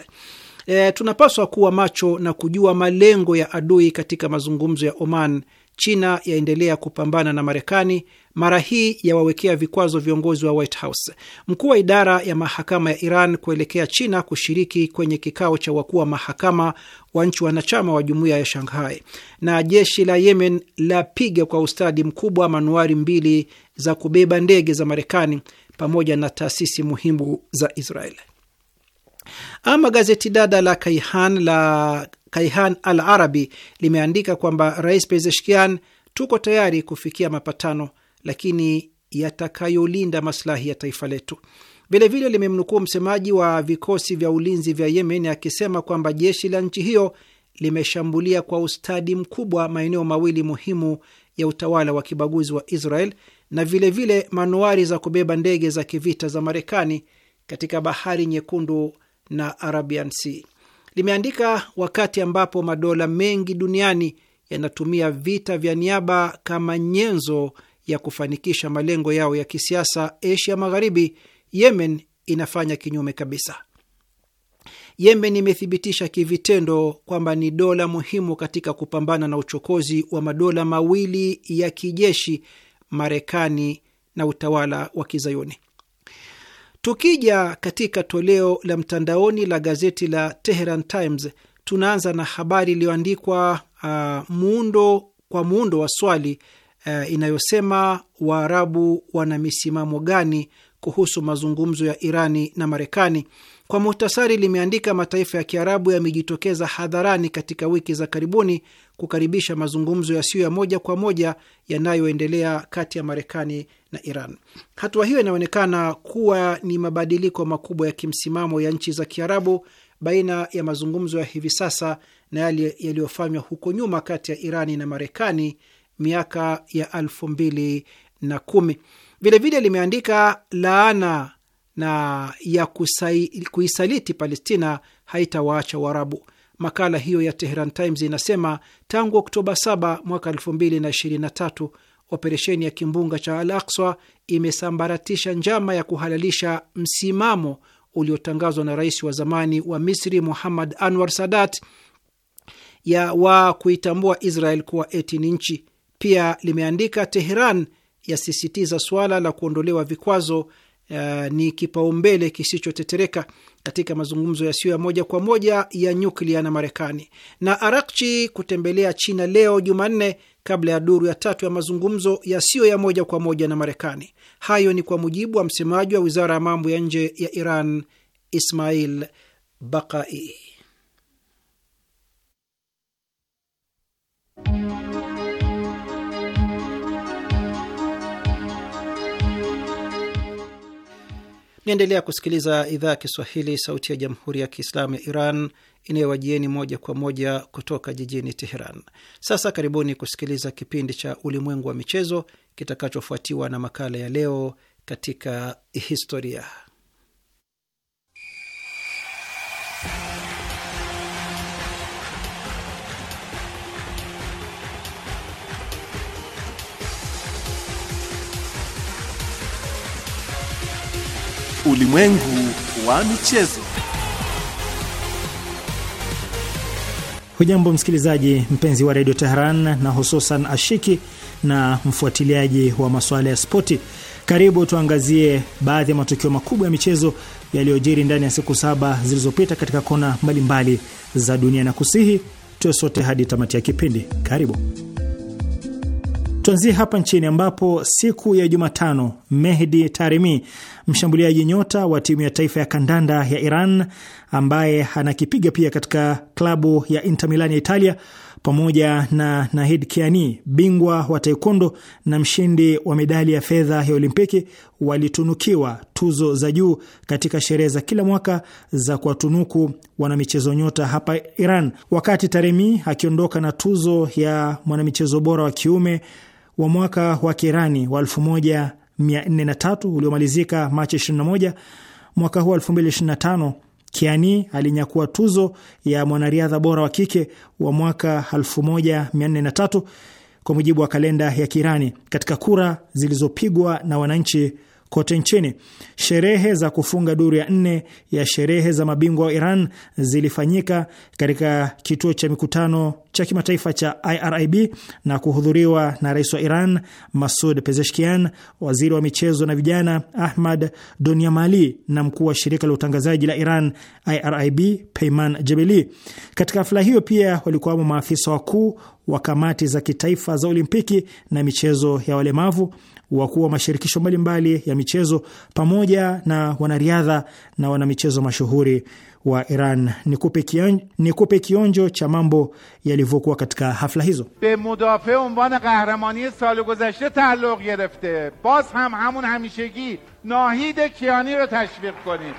E, tunapaswa kuwa macho na kujua malengo ya adui katika mazungumzo ya Oman. China yaendelea kupambana na Marekani, mara hii yawawekea vikwazo viongozi wa White House. Mkuu wa idara ya mahakama ya Iran kuelekea China kushiriki kwenye kikao cha wakuu wa mahakama wa nchi wanachama wa jumuiya ya Shanghai. Na jeshi la Yemen lapiga kwa ustadi mkubwa manuari mbili za kubeba ndege za Marekani pamoja na taasisi muhimu za Israeli. Ama gazeti dada la Kaihan la Kaihan Al Arabi limeandika kwamba Rais Pezeshkian, tuko tayari kufikia mapatano, lakini yatakayolinda maslahi ya taifa letu. Vilevile limemnukuu msemaji wa vikosi vya ulinzi vya Yemen akisema kwamba jeshi la nchi hiyo limeshambulia kwa ustadi mkubwa maeneo mawili muhimu ya utawala wa kibaguzi wa Israel na vilevile manuari za kubeba ndege za kivita za Marekani katika bahari nyekundu na Arabian Sea. Limeandika wakati ambapo madola mengi duniani yanatumia vita vya niaba kama nyenzo ya kufanikisha malengo yao ya kisiasa, Asia Magharibi, Yemen inafanya kinyume kabisa. Yemen imethibitisha kivitendo kwamba ni dola muhimu katika kupambana na uchokozi wa madola mawili ya kijeshi, Marekani na utawala wa Kizayuni. Tukija katika toleo la mtandaoni la gazeti la Teheran Times, tunaanza na habari iliyoandikwa uh, muundo kwa muundo wa swali uh, inayosema Waarabu wana misimamo gani kuhusu mazungumzo ya Irani na Marekani. Kwa muhtasari, limeandika mataifa ya Kiarabu yamejitokeza hadharani katika wiki za karibuni kukaribisha mazungumzo yasiyo ya moja kwa moja yanayoendelea kati ya Marekani na Iran. Hatua hiyo inaonekana kuwa ni mabadiliko makubwa ya kimsimamo ya nchi za Kiarabu baina ya mazungumzo ya hivi sasa na yale yaliyofanywa huko nyuma kati ya Irani na Marekani miaka ya elfu mbili na kumi. Vilevile limeandika laana na ya kusai, kuisaliti Palestina haitawaacha Waarabu. Makala hiyo ya Teheran Times inasema tangu Oktoba 7 mwaka 2023 operesheni ya kimbunga cha Al Akswa imesambaratisha njama ya kuhalalisha msimamo uliotangazwa na rais wa zamani wa Misri Muhammad Anwar Sadat ya wa kuitambua Israel kuwa eti ni nchi. Pia limeandika Teheran yasisitiza suala la kuondolewa vikwazo uh, ni kipaumbele kisichotetereka katika mazungumzo yasiyo ya moja kwa moja ya nyuklia na Marekani, na Arakchi kutembelea China leo Jumanne kabla ya duru ya tatu ya mazungumzo yasiyo ya moja kwa moja na Marekani. Hayo ni kwa mujibu wa msemaji wa wizara ya mambo ya nje ya Iran, Ismail Bakai. Niendelea kusikiliza idhaa ya Kiswahili, sauti ya jamhuri ya kiislamu ya Iran inayowajieni moja kwa moja kutoka jijini Teheran. Sasa karibuni kusikiliza kipindi cha Ulimwengu wa Michezo kitakachofuatiwa na makala ya Leo katika Historia. Ulimwengu wa michezo. Hujambo msikilizaji mpenzi wa redio Teheran na hususan ashiki na mfuatiliaji wa masuala ya spoti. Karibu tuangazie baadhi ya matukio makubwa ya michezo yaliyojiri ndani ya siku saba zilizopita katika kona mbalimbali mbali za dunia, na kusihi tuwe sote hadi tamati ya kipindi. Karibu. Tuanzie hapa nchini ambapo siku ya Jumatano, Mehdi Taremi, mshambuliaji nyota wa timu ya taifa ya kandanda ya Iran ambaye anakipiga pia katika klabu ya Inter Milan ya Italia, pamoja na Nahid Kiani, bingwa wa taekwondo na mshindi wa medali ya fedha ya Olimpiki, walitunukiwa tuzo za juu katika sherehe za kila mwaka za kuwatunuku wanamichezo nyota hapa Iran, wakati Taremi akiondoka na tuzo ya mwanamichezo bora wa kiume wa mwaka wa Kirani wa 1403 uliomalizika Machi 21 mwaka huu 2025, Kiani alinyakua tuzo ya mwanariadha bora wa kike wa mwaka 1403 kwa mujibu wa kalenda ya Kirani katika kura zilizopigwa na wananchi kote nchini. Sherehe za kufunga duru ya nne ya sherehe za mabingwa wa Iran zilifanyika katika kituo cha mikutano cha kimataifa cha IRIB na kuhudhuriwa na rais wa Iran Masud Pezeshkian, waziri wa michezo na vijana Ahmad Doniamali na mkuu wa shirika la utangazaji la Iran IRIB Peyman Jebeli. Katika hafla hiyo pia walikuwamo maafisa wakuu wa kamati za kitaifa za Olimpiki na michezo ya walemavu, wakuu wa mashirikisho mbalimbali ya michezo, pamoja na wanariadha na wanamichezo mashuhuri wa Iran. Nikupe kionjo, nikupe kionjo cha mambo yalivyokuwa katika hafla hizo. be mudafe unvan qahramani sal gozashte taalluq gerefte baz ham hamun hamishegi nahid kiani ro tashviq konid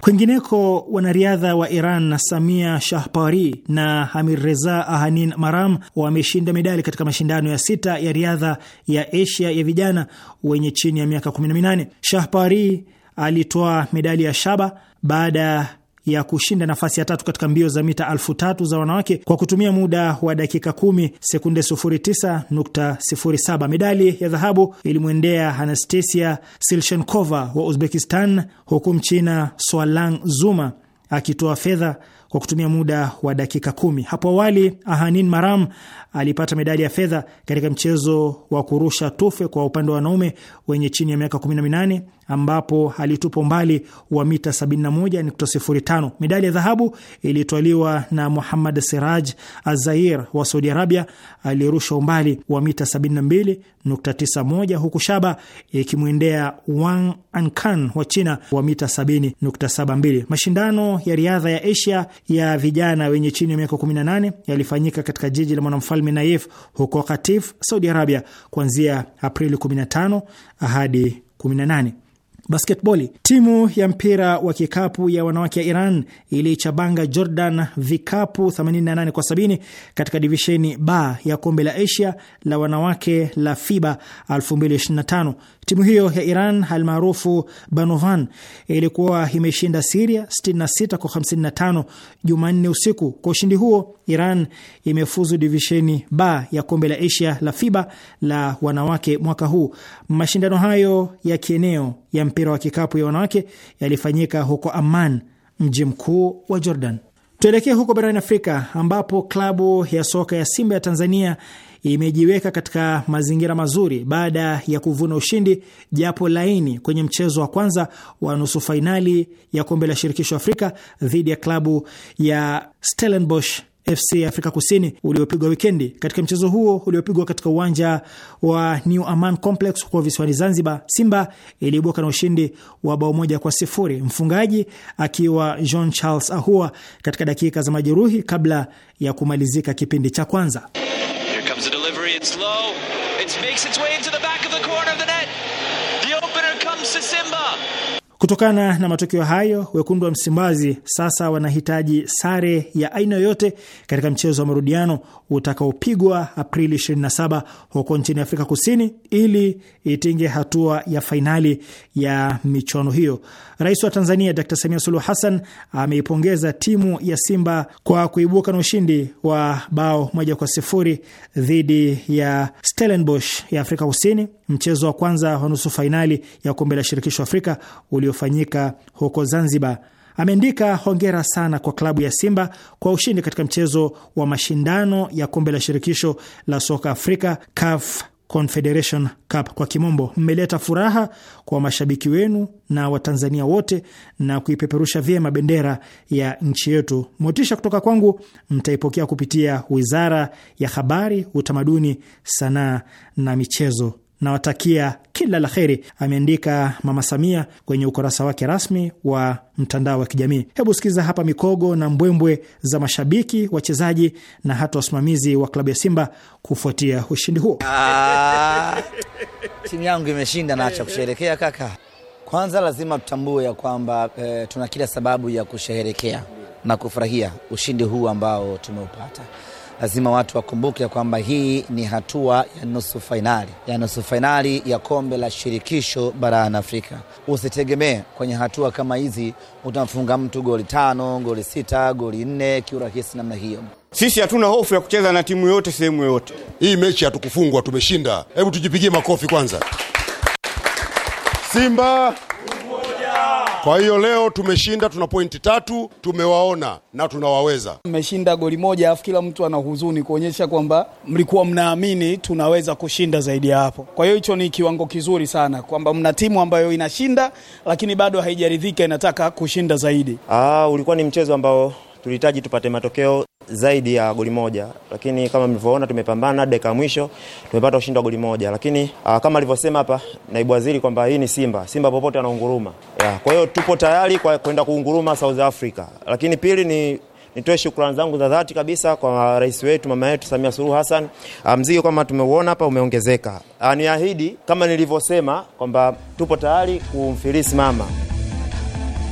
Kwingineko, wanariadha wa Iran Samia Shahpari na reza Ahanin Maram wameshinda medali katika mashindano ya sita ya riadha ya Asia ya vijana wenye chini ya miaka 18. Shahpari alitoa medali ya shaba baada ya kushinda nafasi ya tatu katika mbio za mita elfu tatu za wanawake kwa kutumia muda wa dakika kumi sekunde 09.07. Medali ya dhahabu ilimwendea Anastasia Silshenkova wa Uzbekistan, huku Mchina Swalang Zuma akitoa fedha kwa kutumia muda wa dakika kumi. Hapo awali Ahanin Maram alipata medali ya fedha katika mchezo wa kurusha tufe kwa upande wa wanaume wenye chini ya miaka 18 ambapo alitupa umbali wa mita 71.05. Medali ya dhahabu ilitwaliwa na Muhammad Siraj Azair wa Saudi Arabia aliyerusha umbali wa mita 72.91, huku shaba ikimwendea Wang Ankan wa China wa mita 70.72. Mashindano ya riadha ya Asia ya vijana wenye chini ya miaka 18 yalifanyika katika jiji la mwanamfalme Naif huko katif Saudi Arabia kuanzia Aprili 15 hadi 18. Basketboli. Timu ya mpira wa kikapu ya wanawake ya Iran iliichabanga Jordan vikapu 88 kwa 70 katika divisheni ba ya kombe la Asia la wanawake la FIBA 2025. Timu hiyo ya Iran almaarufu Banovan ilikuwa imeshinda Siria 66 kwa 55 Jumanne usiku. Kwa ushindi huo, Iran imefuzu divisheni ba ya kombe la Asia la FIBA la wanawake mwaka huu. Mashindano hayo ya kieneo ya mpira wa kikapu ya wanawake yalifanyika huko Amman, mji mkuu wa Jordan. Tuelekee huko barani Afrika ambapo klabu ya soka ya Simba ya Tanzania imejiweka katika mazingira mazuri baada ya kuvuna ushindi japo laini kwenye mchezo wa kwanza wa nusu fainali ya kombe la shirikisho Afrika dhidi ya klabu ya Stellenbosch FC Afrika Kusini uliopigwa wikendi. Katika mchezo huo uliopigwa katika uwanja wa New Aman Complex huko visiwani Zanzibar, Simba iliibuka na ushindi wa bao moja kwa sifuri, mfungaji akiwa Jean Charles Ahua katika dakika za majeruhi kabla ya kumalizika kipindi cha kwanza. Simba Kutokana na matokeo hayo, wekundu wa Msimbazi sasa wanahitaji sare ya aina yoyote katika mchezo wa marudiano utakaopigwa Aprili 27 huko nchini Afrika Kusini ili itinge hatua ya fainali ya michuano hiyo. Rais wa Tanzania Dr Samia Suluhu Hassan ameipongeza timu ya Simba kwa kuibuka na ushindi wa bao moja kwa sifuri dhidi ya Stellenbosch ya Afrika Kusini, mchezo wa kwanza wa nusu fainali ya kombe la shirikisho Afrika uliofanyika huko Zanzibar ameandika hongera sana kwa klabu ya Simba kwa ushindi katika mchezo wa mashindano ya kombe la shirikisho la soka Afrika CAF Confederation Cup kwa kimombo. Mmeleta furaha kwa mashabiki wenu na Watanzania wote na kuipeperusha vyema bendera ya nchi yetu. Motisha kutoka kwangu mtaipokea kupitia Wizara ya Habari, Utamaduni, Sanaa na Michezo nawatakia kila la kheri, ameandika Mama Samia kwenye ukurasa wake rasmi wa mtandao wa kijamii. Hebu sikiza hapa mikogo na mbwembwe za mashabiki, wachezaji na hata wasimamizi wa klabu ya Simba kufuatia ushindi huo. Ah, timu yangu imeshinda, naacha kusherekea kaka. Kwanza lazima tutambue ya kwamba e, tuna kila sababu ya kusherekea na kufurahia ushindi huu ambao tumeupata lazima watu wakumbuke kwamba hii ni hatua ya nusu fainali ya nusu fainali ya kombe la shirikisho barani Afrika. Usitegemee kwenye hatua kama hizi utamfunga mtu goli tano, goli sita, goli nne kiurahisi namna hiyo. Sisi hatuna hofu ya kucheza na timu yoyote sehemu yoyote. Hii mechi hatukufungwa, tumeshinda. Hebu tujipigie makofi kwanza, Simba. Kwa hiyo leo tumeshinda, tuna pointi tatu, tumewaona na tunawaweza. Mmeshinda goli moja, alafu kila mtu ana huzuni kuonyesha kwamba mlikuwa mnaamini tunaweza kushinda zaidi ya hapo. Kwa hiyo hicho ni kiwango kizuri sana kwamba mna timu ambayo inashinda lakini bado haijaridhika, inataka kushinda zaidi. Aa, ah, ulikuwa ni mchezo ambao tulihitaji tupate matokeo zaidi ya goli moja, lakini kama mlivyoona tumepambana dakika mwisho tumepata ushindi wa goli moja, lakini uh, kama alivyosema hapa naibu waziri kwamba hii ni Simba, Simba popote anaunguruma. Kwa hiyo tupo tayari kwa kwenda kuunguruma South Africa, lakini pili ni nitoe shukrani zangu za dhati kabisa kwa rais wetu mama yetu Samia Suluhu Hassan. Ah, mzigo kama tumeuona hapa umeongezeka. Ah, niahidi kama nilivyosema kwamba tupo tayari kumfilisi mama.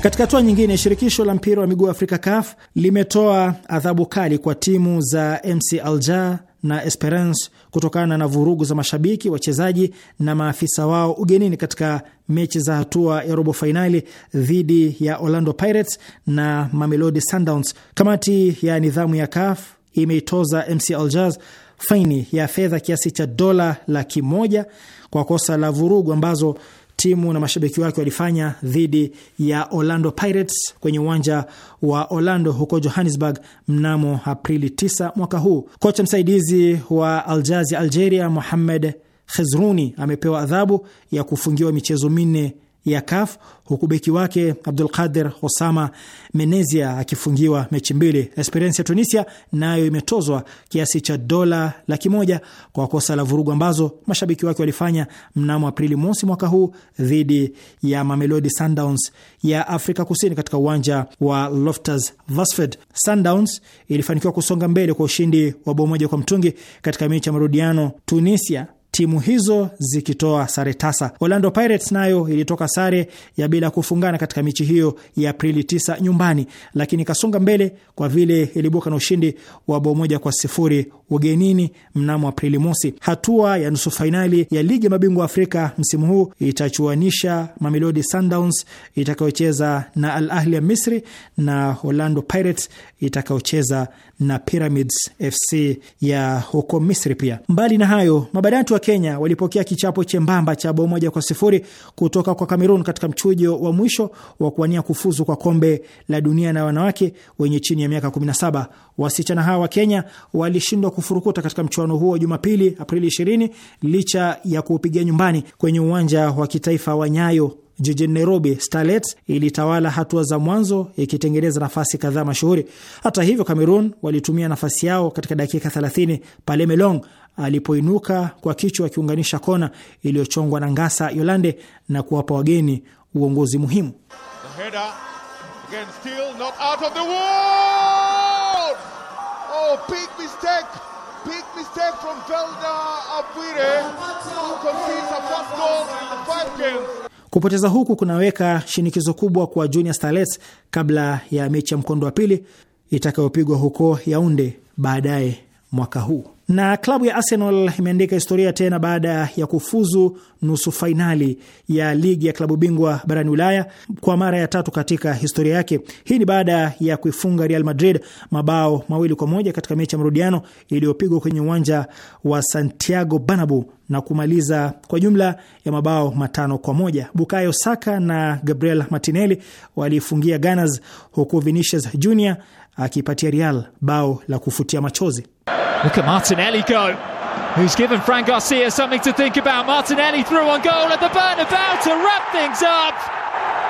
Katika hatua nyingine, shirikisho la mpira wa miguu Afrika CAF limetoa adhabu kali kwa timu za MC Alger na Esperance kutokana na vurugu za mashabiki, wachezaji na maafisa wao ugenini katika mechi za hatua ya robo fainali dhidi ya Orlando Pirates na Mamelodi Sundowns. Kamati ya nidhamu ya CAF imeitoza MC Alger faini ya fedha kiasi cha dola laki moja kwa kosa la vurugu ambazo timu na mashabiki wake walifanya dhidi ya Orlando Pirates kwenye uwanja wa Orlando huko Johannesburg mnamo Aprili 9 mwaka huu. Kocha msaidizi wa Aljazi Algeria Mohamed Khezruni amepewa adhabu ya kufungiwa michezo minne ya CAF huku beki wake Abdulqadir Osama Menezia akifungiwa mechi mbili. Esperance ya Tunisia nayo na imetozwa kiasi cha dola laki moja kwa kosa la vurugu ambazo mashabiki wake walifanya mnamo Aprili mosi mwaka huu dhidi ya Mamelodi Sundowns ya Afrika Kusini katika uwanja wa Loftus Versfeld. Sundowns ilifanikiwa kusonga mbele kwa ushindi wa bao moja kwa mtungi katika mechi ya marudiano Tunisia timu hizo zikitoa sare tasa. Orlando Pirates nayo ilitoka sare ya bila kufungana katika mechi hiyo ya Aprili 9 nyumbani, lakini ikasonga mbele kwa vile ilibuka na ushindi wa bao moja kwa sifuri ugenini mnamo Aprili mosi. Hatua ya nusu fainali ya ligi ya mabingwa Afrika msimu huu itachuanisha Mamelodi Sundowns itakayocheza na Al Ahli ya Misri na Orlando Pirates itakayocheza na Pyramids FC ya huko Misri. Pia mbali na hayo, mabadantu wa Kenya walipokea kichapo chembamba cha bao moja kwa sifuri kutoka kwa Kamerun katika mchujo wa mwisho wa kuwania kufuzu kwa kombe la dunia na wanawake wenye chini ya miaka 17. Wasichana hawa wa Kenya walishindwa kufurukuta katika mchuano huo Jumapili, Aprili 20 licha ya kuupigia nyumbani kwenye uwanja wa kitaifa wa Nyayo jijini Nairobi. Starlet ilitawala hatua za mwanzo ikitengeneza nafasi kadhaa mashuhuri. Hata hivyo, Cameroon walitumia nafasi yao katika dakika 30 pale Melong alipoinuka kwa kichwa akiunganisha kona iliyochongwa na Ngasa Yolande na kuwapa wageni uongozi muhimu. Oh, Kupoteza huku kunaweka shinikizo kubwa kwa Junior Starlets kabla ya mechi ya mkondo wa pili itakayopigwa huko Yaunde baadaye mwaka huu. Na klabu ya Arsenal imeandika historia tena baada ya kufuzu nusu fainali ya ligi ya klabu bingwa barani Ulaya kwa mara ya tatu katika historia yake. Hii ni baada ya kuifunga Real Madrid mabao mawili kwa moja katika mechi ya marudiano iliyopigwa kwenye uwanja wa Santiago Bernabeu na kumaliza kwa jumla ya mabao matano kwa moja. Bukayo Saka na Gabriel Martinelli waliifungia Gunners, huku Vinicius Junior akipatia Real bao la kufutia machozi. Look at Martinelli go. Who's given Garcia something to think about. Martinelli on goal at the Bernabeu to wrap things up.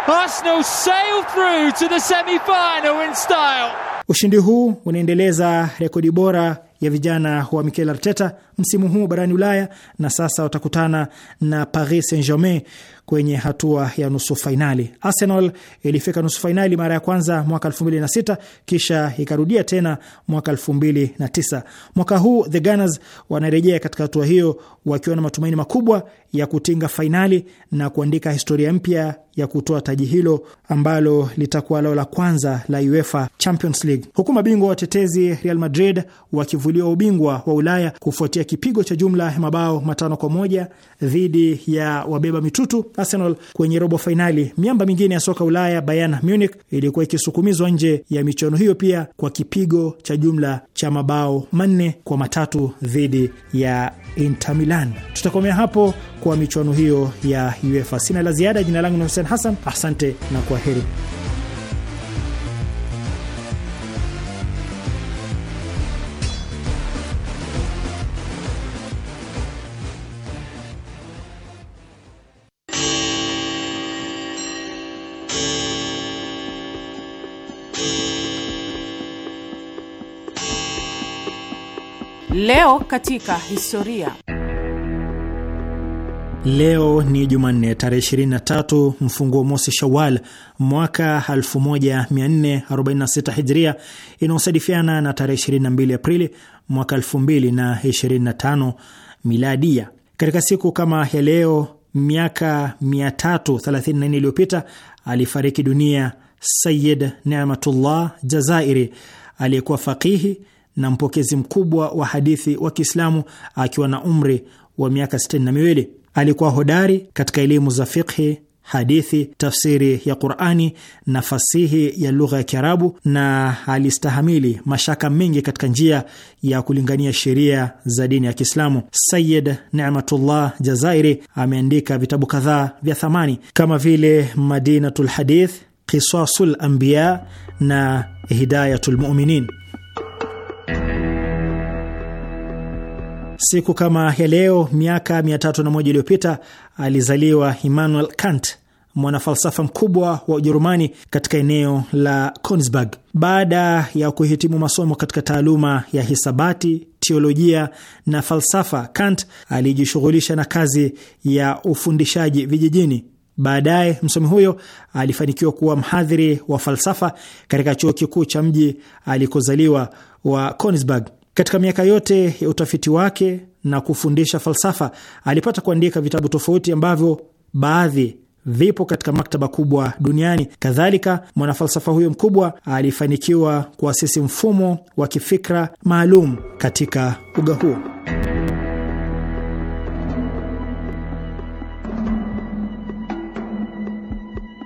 Arsenal sail through to the semi-final in style. Ushindi huu unaendeleza rekodi bora ya vijana wa Mikel Arteta msimu huu barani Ulaya na sasa watakutana na Paris Saint-Germain kwenye hatua ya nusu fainali. Arsenal ilifika nusu fainali mara ya kwanza mwaka 2006 kisha ikarudia tena mwaka 2009. Mwaka huu the Gunners wanarejea katika hatua hiyo wakiwa na matumaini makubwa ya kutinga fainali na kuandika historia mpya ya kutoa taji hilo ambalo litakuwa lao la kwanza la UEFA Champions League, huku mabingwa watetezi Real Madrid wakivuliwa ubingwa wa Ulaya kufuatia kipigo cha jumla ya mabao matano kwa moja dhidi ya wabeba mitutu Arsenal kwenye robo fainali. Miamba mingine ya soka Ulaya, Bayern Munich ilikuwa ikisukumizwa nje ya michuano hiyo pia kwa kipigo cha jumla cha mabao manne kwa matatu dhidi ya Inter Milan. Tutakomea hapo kwa michuano hiyo ya UEFA. Sina la ziada. Jina langu ni Hussein Hassan, asante na kwa heri. Leo katika historia. Leo ni Jumanne tarehe 23 mfunguo mosi Shawal mwaka 1446 Hijria, inayosadifiana na tarehe 22 Aprili mwaka 2025 Miladia. Katika siku kama ya leo miaka 334 iliyopita alifariki dunia Sayid Nematullah Jazairi aliyekuwa faqihi na mpokezi mkubwa wa hadithi wa Kiislamu akiwa na umri wa miaka sitini na miwili. Alikuwa hodari katika elimu za fiqhi hadithi, tafsiri ya Qurani na fasihi ya lugha ya Kiarabu, na alistahamili mashaka mengi katika njia ya kulingania sheria za dini ya Kiislamu. Sayid Nematullah Jazairi ameandika vitabu kadhaa vya thamani kama vile Madinatul Hadith, Qisasul Anbiya na Hidayatul Muminin. Siku kama ya leo miaka 301 iliyopita alizaliwa Immanuel Kant, mwanafalsafa mkubwa wa Ujerumani katika eneo la Konigsberg. Baada ya kuhitimu masomo katika taaluma ya hisabati, teolojia na falsafa, Kant alijishughulisha na kazi ya ufundishaji vijijini. Baadaye msomi huyo alifanikiwa kuwa mhadhiri wa falsafa katika chuo kikuu cha mji alikozaliwa wa Konigsberg. Katika miaka yote ya utafiti wake na kufundisha falsafa, alipata kuandika vitabu tofauti ambavyo baadhi vipo katika maktaba kubwa duniani. Kadhalika, mwanafalsafa huyo mkubwa alifanikiwa kuasisi mfumo wa kifikra maalum katika uga huo.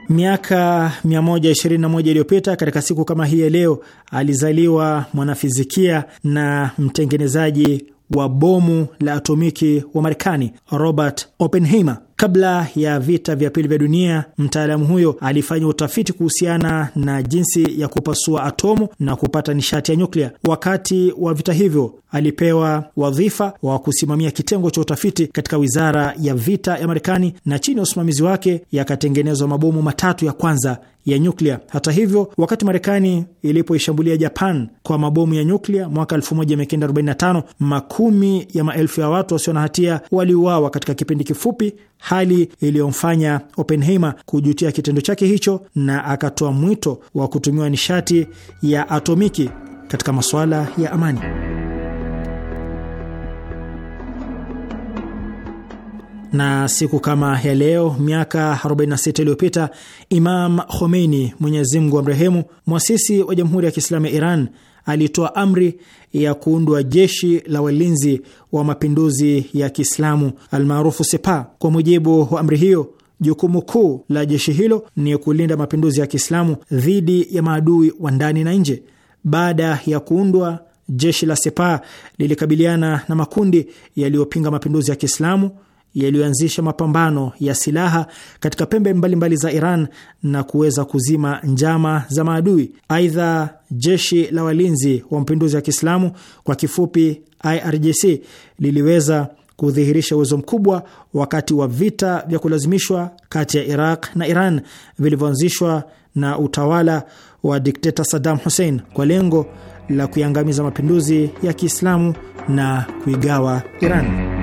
Miaka 121 iliyopita katika siku kama hii ya leo alizaliwa mwanafizikia na mtengenezaji wa bomu la atomiki wa Marekani Robert Oppenheimer. Kabla ya vita vya pili vya dunia, mtaalamu huyo alifanya utafiti kuhusiana na jinsi ya kupasua atomu na kupata nishati ya nyuklia. Wakati wa vita hivyo, alipewa wadhifa wa kusimamia kitengo cha utafiti katika wizara ya vita ya Marekani, na chini ya usimamizi wake yakatengenezwa mabomu matatu ya kwanza ya nyuklia. Hata hivyo, wakati Marekani ilipoishambulia Japan kwa mabomu ya nyuklia mwaka 1945, makumi ya maelfu ya watu wasio na hatia waliuawa katika kipindi kifupi hali iliyomfanya Oppenheimer kujutia kitendo chake hicho na akatoa mwito wa kutumiwa nishati ya atomiki katika masuala ya amani. na siku kama ya leo miaka 46 iliyopita Imam Khomeini, Mwenyezi Mungu amrehemu, mwasisi wa Jamhuri ya Kiislamu ya Iran alitoa amri ya kuundwa jeshi la walinzi wa mapinduzi ya Kiislamu almaarufu Sepa. Kwa mujibu wa amri hiyo, jukumu kuu la jeshi hilo ni kulinda mapinduzi ya Kiislamu dhidi ya maadui wa ndani na nje. Baada ya kuundwa jeshi la Sepa lilikabiliana na makundi yaliyopinga mapinduzi ya Kiislamu yaliyoanzisha mapambano ya silaha katika pembe mbalimbali mbali za Iran na kuweza kuzima njama za maadui. Aidha, jeshi la walinzi wa mapinduzi ya Kiislamu kwa kifupi IRGC liliweza kudhihirisha uwezo mkubwa wakati wa vita vya kulazimishwa kati ya Iraq na Iran vilivyoanzishwa na utawala wa dikteta Saddam Hussein kwa lengo la kuiangamiza mapinduzi ya Kiislamu na kuigawa Iran.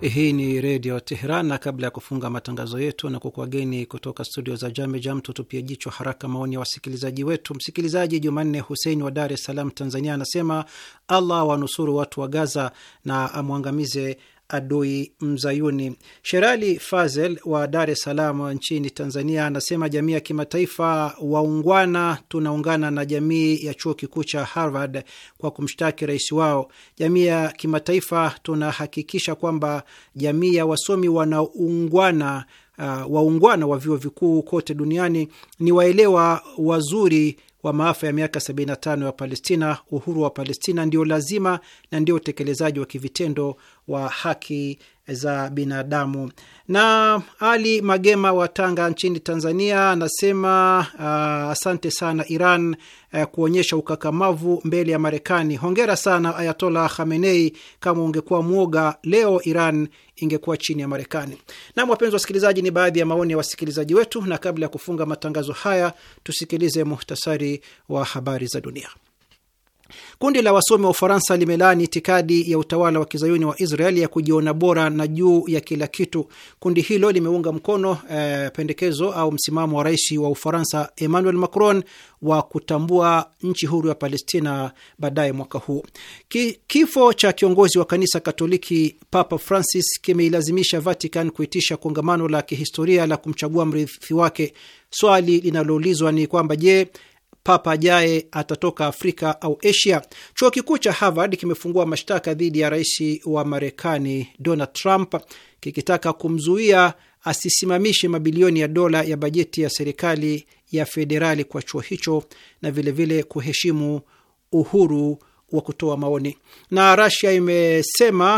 Hii ni Redio Teheran, na kabla ya kufunga matangazo yetu na kukuageni kutoka studio za Jamejam, tutupie jicho haraka maoni ya wasikilizaji wetu. Msikilizaji Jumanne Husein wa Dar es Salaam, Tanzania, anasema Allah wanusuru watu wa Gaza na amwangamize adui mzayuni. Sherali Fazel wa Dar es Salaam nchini Tanzania anasema jamii ya kimataifa waungwana, tunaungana na jamii ya chuo kikuu cha Harvard kwa kumshtaki rais wao. Jamii ya kimataifa tunahakikisha kwamba jamii ya wasomi wanaungwana, uh, waungwana wa vyuo vikuu kote duniani ni waelewa wazuri wa maafa ya miaka 75 ya Palestina. Uhuru wa Palestina ndio lazima na ndio utekelezaji wa kivitendo wa haki za binadamu. Na Ali Magema wa Tanga nchini Tanzania anasema uh, asante sana Iran uh, kuonyesha ukakamavu mbele ya Marekani. Hongera sana Ayatola Khamenei, kama ungekuwa mwoga leo Iran ingekuwa chini ya Marekani. Nam, wapenzi wasikilizaji, ni baadhi ya maoni ya wasikilizaji wetu, na kabla ya kufunga matangazo haya tusikilize muhtasari wa habari za dunia. Kundi la wasomi wa Ufaransa limelaani itikadi ya utawala wa kizayuni wa Israel ya kujiona bora na juu ya kila kitu. Kundi hilo limeunga mkono eh, pendekezo au msimamo wa rais wa Ufaransa Emmanuel Macron wa kutambua nchi huru ya Palestina baadaye mwaka huu. Ki, kifo cha kiongozi wa kanisa Katoliki Papa Francis kimeilazimisha Vatican kuitisha kongamano la kihistoria la kumchagua mrithi wake. Swali linaloulizwa ni kwamba je, papa ajaye atatoka Afrika au Asia. Chuo kikuu cha Harvard kimefungua mashtaka dhidi ya rais wa Marekani Donald Trump kikitaka kumzuia asisimamishe mabilioni ya dola ya bajeti ya serikali ya federali kwa chuo hicho na vilevile vile kuheshimu uhuru wa kutoa maoni. Na Russia imesema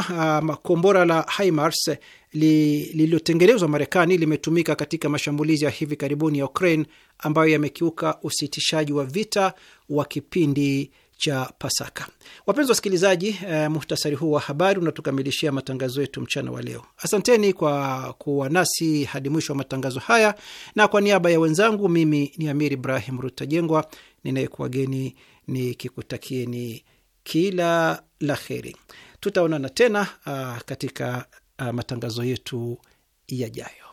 uh, kombora la HIMARS lililotengenezwa Marekani limetumika katika mashambulizi ya hivi karibuni ya Ukraine ambayo yamekiuka usitishaji wa vita wa kipindi cha Pasaka. Wapenzi wasikilizaji, eh, muhtasari huu wa habari unatukamilishia matangazo yetu mchana wa leo. Asanteni kwa kuwa nasi hadi mwisho wa matangazo haya, na kwa niaba ya wenzangu, mimi ni Amir Ibrahim Rutajengwa ninayekuwageni nikikutakieni kila la heri. Tutaonana tena uh, katika Uh, matangazo yetu yajayo.